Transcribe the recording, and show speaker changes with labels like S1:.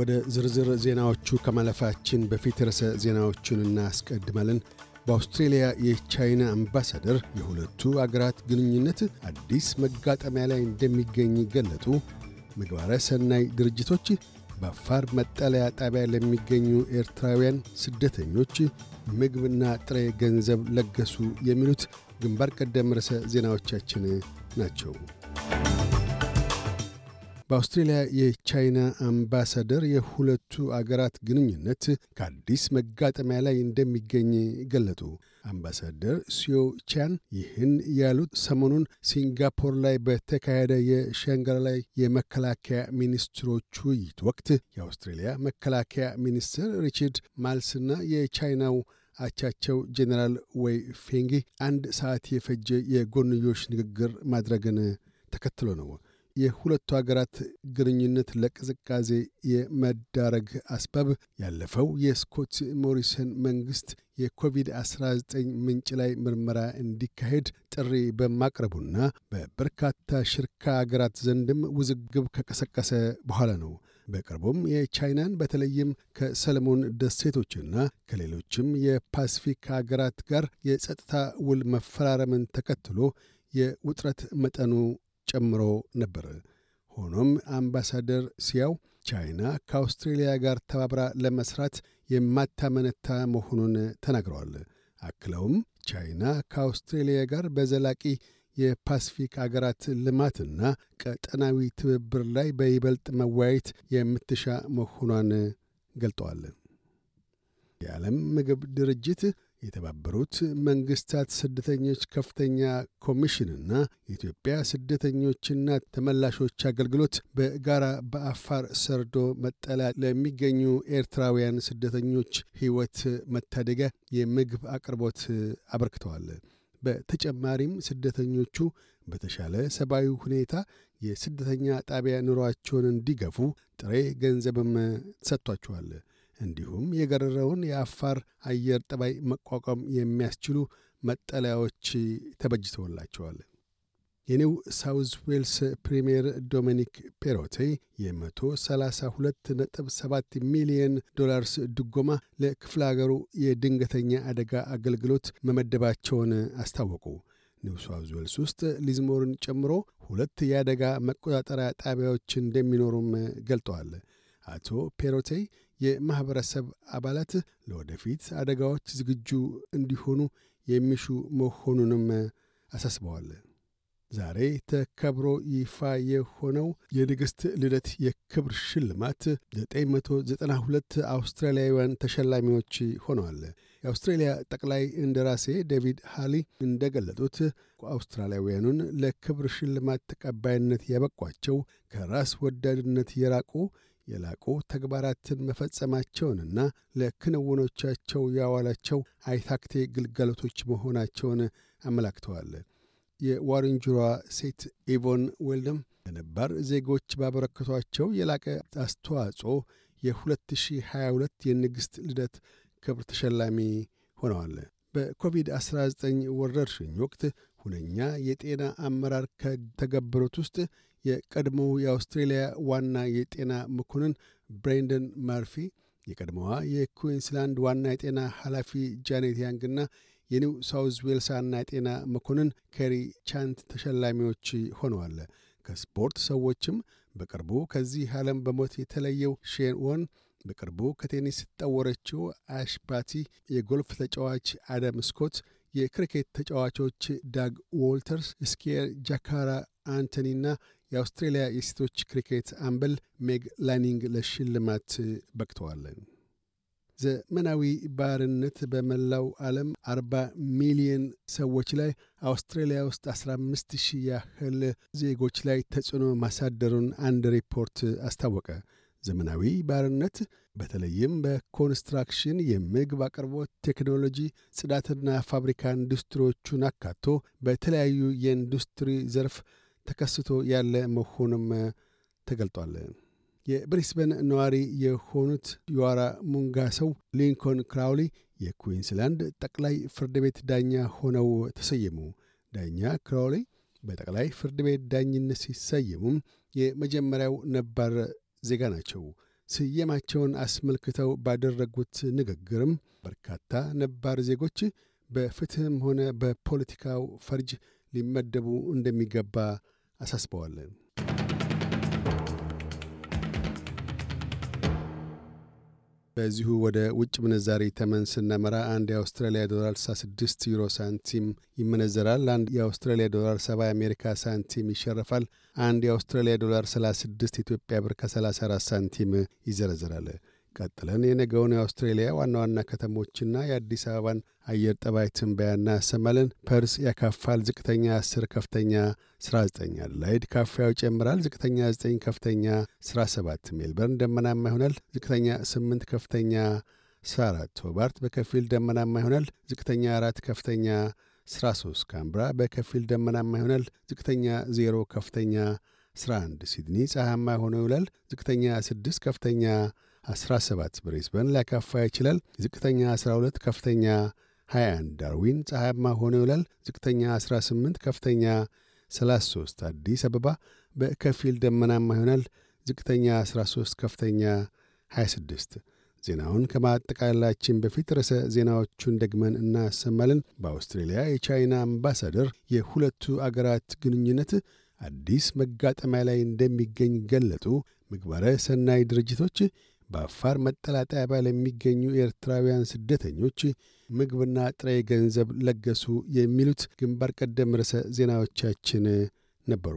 S1: ወደ ዝርዝር ዜናዎቹ ከማለፋችን በፊት ርዕሰ ዜናዎቹን እናስቀድማለን። በአውስትሬልያ የቻይና አምባሳደር የሁለቱ አገራት ግንኙነት አዲስ መጋጠሚያ ላይ እንደሚገኝ ገለጡ። ምግባረ ሰናይ ድርጅቶች በአፋር መጠለያ ጣቢያ ለሚገኙ ኤርትራውያን ስደተኞች ምግብና ጥሬ ገንዘብ ለገሱ። የሚሉት ግንባር ቀደም ርዕሰ ዜናዎቻችን ናቸው። በአውስትሬልያ የቻይና አምባሳደር የሁለቱ አገራት ግንኙነት ከአዲስ መጋጠሚያ ላይ እንደሚገኝ ገለጡ። አምባሳደር ሲዮ ቻን ይህን ያሉት ሰሞኑን ሲንጋፖር ላይ በተካሄደ የሸንገላ ላይ የመከላከያ ሚኒስትሮች ውይይት ወቅት የአውስትሬልያ መከላከያ ሚኒስትር ሪችርድ ማልስና የቻይናው አቻቸው ጄኔራል ወይ ፌንጊ አንድ ሰዓት የፈጀ የጎንዮሽ ንግግር ማድረግን ተከትሎ ነው። የሁለቱ ሀገራት ግንኙነት ለቅዝቃዜ የመዳረግ አስባብ ያለፈው የስኮት ሞሪሰን መንግስት የኮቪድ-19 ምንጭ ላይ ምርመራ እንዲካሄድ ጥሪ በማቅረቡና በበርካታ ሽርካ አገራት ዘንድም ውዝግብ ከቀሰቀሰ በኋላ ነው። በቅርቡም የቻይናን በተለይም ከሰለሞን ደሴቶችና ከሌሎችም የፓስፊክ አገራት ጋር የጸጥታ ውል መፈራረምን ተከትሎ የውጥረት መጠኑ ጨምሮ ነበር። ሆኖም አምባሳደር ሲያው ቻይና ከአውስትሬልያ ጋር ተባብራ ለመስራት የማታመነታ መሆኑን ተናግረዋል። አክለውም ቻይና ከአውስትሬልያ ጋር በዘላቂ የፓስፊክ አገራት ልማትና ቀጠናዊ ትብብር ላይ በይበልጥ መወያየት የምትሻ መሆኗን ገልጠዋል። የዓለም ምግብ ድርጅት የተባበሩት መንግስታት ስደተኞች ከፍተኛ ኮሚሽንና የኢትዮጵያ ስደተኞችና ተመላሾች አገልግሎት በጋራ በአፋር ሰርዶ መጠለያ ለሚገኙ ኤርትራውያን ስደተኞች ሕይወት መታደጊያ የምግብ አቅርቦት አበርክተዋል። በተጨማሪም ስደተኞቹ በተሻለ ሰብአዊ ሁኔታ የስደተኛ ጣቢያ ኑሯቸውን እንዲገፉ ጥሬ ገንዘብም ተሰጥቷቸዋል። እንዲሁም የገረረውን የአፋር አየር ጠባይ መቋቋም የሚያስችሉ መጠለያዎች ተበጅተውላቸዋል። የኒው ሳውዝ ዌልስ ፕሪምየር ዶሚኒክ ፔሮቴ የ132.7 ሚሊየን ዶላርስ ድጎማ ለክፍለ አገሩ የድንገተኛ አደጋ አገልግሎት መመደባቸውን አስታወቁ። ኒው ሳውዝ ዌልስ ውስጥ ሊዝሞርን ጨምሮ ሁለት የአደጋ መቆጣጠሪያ ጣቢያዎች እንደሚኖሩም ገልጠዋል። አቶ ፔሮቴ የማኅበረሰብ አባላት ለወደፊት አደጋዎች ዝግጁ እንዲሆኑ የሚሹ መሆኑንም አሳስበዋል። ዛሬ ተከብሮ ይፋ የሆነው የንግሥት ልደት የክብር ሽልማት 992 አውስትራሊያውያን ተሸላሚዎች ሆነዋል። የአውስትራሊያ ጠቅላይ እንደራሴ ዴቪድ ሃሊ እንደገለጡት አውስትራሊያውያኑን ለክብር ሽልማት ተቀባይነት ያበቋቸው ከራስ ወዳድነት የራቁ የላቁ ተግባራትን መፈጸማቸውንና ለክንውኖቻቸው ያዋላቸው አይታክቴ ግልጋሎቶች መሆናቸውን አመላክተዋል። የዋርንጅሯ ሴት ኢቮን ዌልደም ለነባር ዜጎች ባበረከቷቸው የላቀ አስተዋጽኦ የ2022 የንግሥት ልደት ክብር ተሸላሚ ሆነዋል። በኮቪድ-19 ወረርሽኝ ወቅት ሁነኛ የጤና አመራር ከተገበሩት ውስጥ የቀድሞው የአውስትሬልያ ዋና የጤና መኮንን ብሬንደን መርፊ፣ የቀድሞዋ የኩዊንስላንድ ዋና የጤና ኃላፊ ጃኔት ያንግና የኒው ሳውዝ ዌልስ ዋና የጤና መኮንን ኬሪ ቻንት ተሸላሚዎች ሆነዋል። ከስፖርት ሰዎችም በቅርቡ ከዚህ ዓለም በሞት የተለየው ሼን ዎን በቅርቡ ከቴኒስ ጠወረችው አሽ ባቲ፣ የጎልፍ ተጫዋች አዳም ስኮት፣ የክሪኬት ተጫዋቾች ዳግ ዎልተርስ፣ ስኬር ጃካራ አንቶኒና የአውስትሬልያ የሴቶች ክሪኬት አምበል ሜግ ላኒንግ ለሽልማት በቅተዋል። ዘመናዊ ባርነት በመላው ዓለም 40 ሚሊዮን ሰዎች ላይ አውስትራሊያ ውስጥ 15 ሺህ ያህል ዜጎች ላይ ተጽዕኖ ማሳደሩን አንድ ሪፖርት አስታወቀ። ዘመናዊ ባርነት በተለይም በኮንስትራክሽን፣ የምግብ አቅርቦት፣ ቴክኖሎጂ፣ ጽዳትና ፋብሪካ ኢንዱስትሪዎቹን አካቶ በተለያዩ የኢንዱስትሪ ዘርፍ ተከስቶ ያለ መሆኑም ተገልጧል። የብሪስበን ነዋሪ የሆኑት ዩዋራ ሙንጋ ሰው ሊንኮን ክራውሊ የኩዊንስላንድ ጠቅላይ ፍርድ ቤት ዳኛ ሆነው ተሰየሙ። ዳኛ ክራውሊ በጠቅላይ ፍርድ ቤት ዳኝነት ሲሰየሙም የመጀመሪያው ነባር ዜጋ ናቸው። ስየማቸውን አስመልክተው ባደረጉት ንግግርም በርካታ ነባር ዜጎች በፍትህም ሆነ በፖለቲካው ፈርጅ ሊመደቡ እንደሚገባ አሳስበዋለን። በዚሁ ወደ ውጭ ምንዛሪ ተመን ስናመራ አንድ የአውስትራሊያ ዶላር 66 ዩሮ ሳንቲም ይመነዘራል። አንድ የአውስትራሊያ ዶላር 70 የአሜሪካ ሳንቲም ይሸረፋል። አንድ የአውስትራሊያ ዶላር 36 ኢትዮጵያ ብር ከ34 ሳንቲም ይዘረዘራል። ቀጥለን የነገውን የአውስትሬልያ ዋና ዋና ከተሞችና የአዲስ አበባን አየር ጠባይ ትንበያ እናሰማለን። ፐርስ ያካፋል። ዝቅተኛ 10፣ ከፍተኛ 19። አድላይድ ካፋያው ይጨምራል። ዝቅተኛ 9፣ ከፍተኛ 17። ሜልበርን ደመናማ ይሆናል። ዝቅተኛ 8፣ ከፍተኛ 14። ሆባርት በከፊል ደመናማ ይሆናል። ዝቅተኛ 4፣ ከፍተኛ 13። ካምብራ በከፊል ደመናማ ይሆናል። ዝቅተኛ 0፣ ከፍተኛ 11። ሲድኒ ፀሐያማ ሆኖ ይውላል። ዝቅተኛ 6፣ ከፍተኛ 17 ብሬስበን ሊያካፋ ይችላል። ዝቅተኛ 12፣ ከፍተኛ 21 ዳርዊን ፀሐያማ ሆኖ ይውላል። ዝቅተኛ 18፣ ከፍተኛ 33 አዲስ አበባ በከፊል ደመናማ ይሆናል። ዝቅተኛ 13፣ ከፍተኛ 26 ዜናውን ከማጠቃላችን በፊት ርዕሰ ዜናዎቹን ደግመን እናሰማለን። በአውስትሬልያ የቻይና አምባሳደር የሁለቱ አገራት ግንኙነት አዲስ መጋጠሚያ ላይ እንደሚገኝ ገለጡ። ምግባረ ሰናይ ድርጅቶች በአፋር መጠላጠያ ጣቢያ ለሚገኙ ኤርትራውያን ስደተኞች ምግብና ጥሬ ገንዘብ ለገሱ የሚሉት ግንባር ቀደም ርዕሰ ዜናዎቻችን ነበሩ።